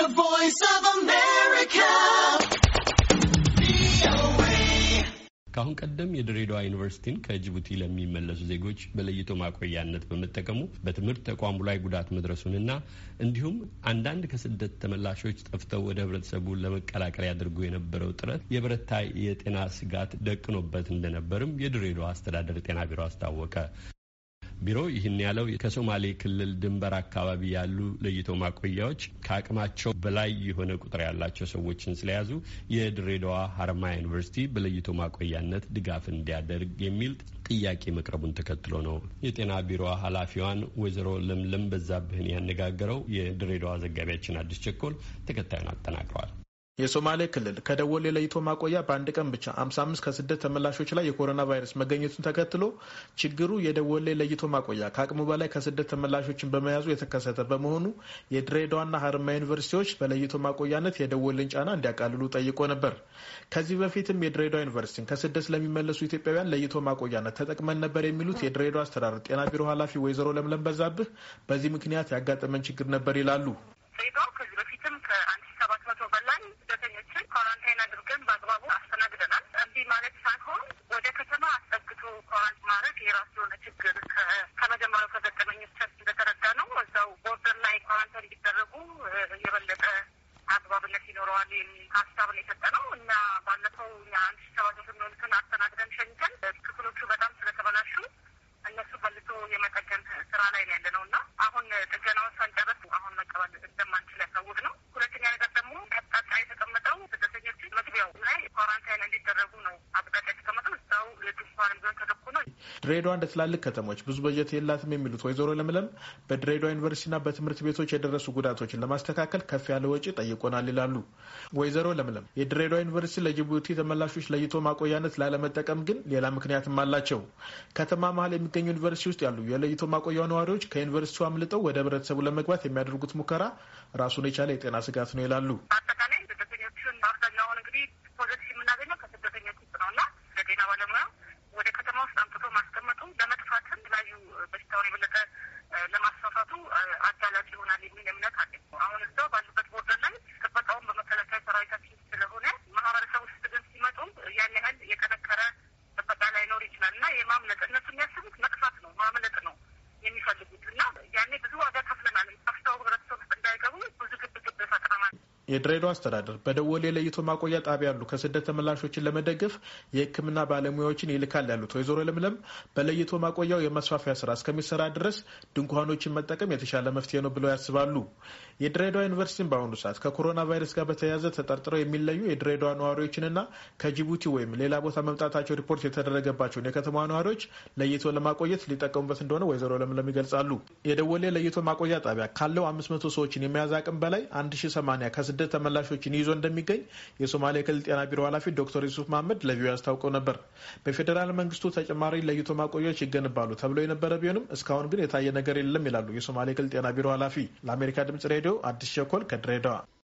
The Voice of America. ከአሁን ቀደም የድሬዳዋ ዩኒቨርሲቲን ከጅቡቲ ለሚመለሱ ዜጎች በለይቶ ማቆያነት በመጠቀሙ በትምህርት ተቋሙ ላይ ጉዳት መድረሱንና እንዲሁም አንዳንድ ከስደት ተመላሾች ጠፍተው ወደ ህብረተሰቡ ለመቀላቀል ያደርጉ የነበረው ጥረት የበረታ የጤና ስጋት ደቅኖበት እንደነበርም የድሬዳዋ አስተዳደር ጤና ቢሮ አስታወቀ። ቢሮ ይህን ያለው ከሶማሌ ክልል ድንበር አካባቢ ያሉ ለይቶ ማቆያዎች ከአቅማቸው በላይ የሆነ ቁጥር ያላቸው ሰዎችን ስለያዙ የድሬዳዋ ሀረማያ ዩኒቨርሲቲ በለይቶ ማቆያነት ድጋፍ እንዲያደርግ የሚል ጥያቄ መቅረቡን ተከትሎ ነው። የጤና ቢሮ ኃላፊዋን ወይዘሮ ለምለም በዛብህን ያነጋገረው የድሬዳዋ ዘጋቢያችን አዲስ ቸኮል ተከታዩን አጠናቅረዋል። የሶማሌ ክልል ከደወሌ ለይቶ ማቆያ በአንድ ቀን ብቻ 55 ከስደት ተመላሾች ላይ የኮሮና ቫይረስ መገኘቱን ተከትሎ ችግሩ የደወሌ ለይቶ ማቆያ ከአቅሙ በላይ ከስደት ተመላሾችን በመያዙ የተከሰተ በመሆኑ የድሬዳዋና ሀረማያ ዩኒቨርሲቲዎች በለይቶ ማቆያነት የደወሌን ጫና እንዲያቃልሉ ጠይቆ ነበር። ከዚህ በፊትም የድሬዳዋ ዩኒቨርሲቲን ከስደት ለሚመለሱ ኢትዮጵያውያን ለይቶ ማቆያነት ተጠቅመን ነበር የሚሉት የድሬዳዋ አስተዳደር ጤና ቢሮ ኃላፊ ወይዘሮ ለምለም በዛብህ በዚህ ምክንያት ያጋጠመን ችግር ነበር ይላሉ። ሪሰርች እንደተረዳ ነው እዛው ቦርደር ላይ ኳራንታይን እንዲደረጉ የበለጠ አግባብነት ይኖረዋል የሚል ሀሳብ ነው የሰጠ ነው እና ባለፈው እኛ አንድ ሺ ሰባት ስብሰባ ተሰምኖልትን አስተናግደን ሸኝተን ክፍሎቹ በጣም ስለተበላሹ እነሱ መልሶ የመጠገን ስራ ላይ ነው ያለ ነው እና አሁን ጥገናውን ሳንጨረስ አሁን መቀበል እንደማንችል ይዘን ድሬዳዋ እንደ ትላልቅ ከተሞች ብዙ በጀት የላትም የሚሉት ወይዘሮ ለምለም በድሬዳዋ ዩኒቨርሲቲና በትምህርት ቤቶች የደረሱ ጉዳቶችን ለማስተካከል ከፍ ያለ ወጪ ጠይቆናል ይላሉ። ወይዘሮ ለምለም የድሬዳዋ ዩኒቨርሲቲ ለጅቡቲ ተመላሾች ለይቶ ማቆያነት ላለመጠቀም ግን ሌላ ምክንያትም አላቸው። ከተማ መሀል የሚገኙ ዩኒቨርሲቲ ውስጥ ያሉ የለይቶ ማቆያ ነዋሪዎች ከዩኒቨርሲቲው አምልጠው ወደ ህብረተሰቡ ለመግባት የሚያደርጉት ሙከራ ራሱን የቻለ የጤና ስጋት ነው ይላሉ። የድሬዳዋ አስተዳደር በደወሌ ለይቶ ማቆያ ጣቢያ ያሉ ከስደት ተመላሾችን ለመደገፍ የሕክምና ባለሙያዎችን ይልካል ያሉት ወይዘሮ ለምለም በለይቶ ማቆያው የመስፋፊያ ስራ እስከሚሰራ ድረስ ድንኳኖችን መጠቀም የተሻለ መፍትሄ ነው ብለው ያስባሉ። የድሬዳዋ ዩኒቨርሲቲን በአሁኑ ሰዓት ከኮሮና ቫይረስ ጋር በተያያዘ ተጠርጥረው የሚለዩ የድሬዳዋ ነዋሪዎችንና ከጅቡቲ ወይም ሌላ ቦታ መምጣታቸው ሪፖርት የተደረገባቸውን የከተማ ነዋሪዎች ለይቶ ለማቆየት ሊጠቀሙበት እንደሆነ ወይዘሮ ለምለም ይገልጻሉ። የደወሌ ለይቶ ማቆያ ጣቢያ ካለው 500 ሰዎችን የመያዝ አቅም በላይ 1080 ስደት ተመላሾችን ይዞ እንደሚገኝ የሶማሌ ክልል ጤና ቢሮ ኃላፊ ዶክተር ዩሱፍ መሀመድ ለቪ አስታውቀው ነበር። በፌዴራል መንግስቱ ተጨማሪ ለይቶ ማቆያዎች ይገነባሉ ተብሎ የነበረ ቢሆንም እስካሁን ግን የታየ ነገር የለም ይላሉ የሶማሌ ክልል ጤና ቢሮ ኃላፊ። ለአሜሪካ ድምጽ ሬዲዮ አዲስ ሸኮል ከድሬዳዋ